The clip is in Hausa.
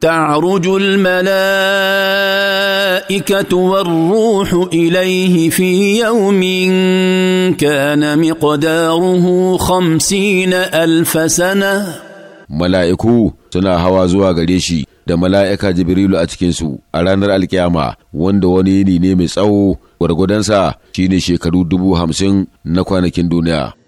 تعرج الملائكه والروح اليه في يوم كان مقداره خمسين الف سنه mala'iku suna hawa zuwa gare shi da mala'ika jibrilu a cikinsu a ranar alkiyama wanda wani yini ne mai tsawo gwargwadonsa shine shekaru dubu hamsin na kwanakin duniya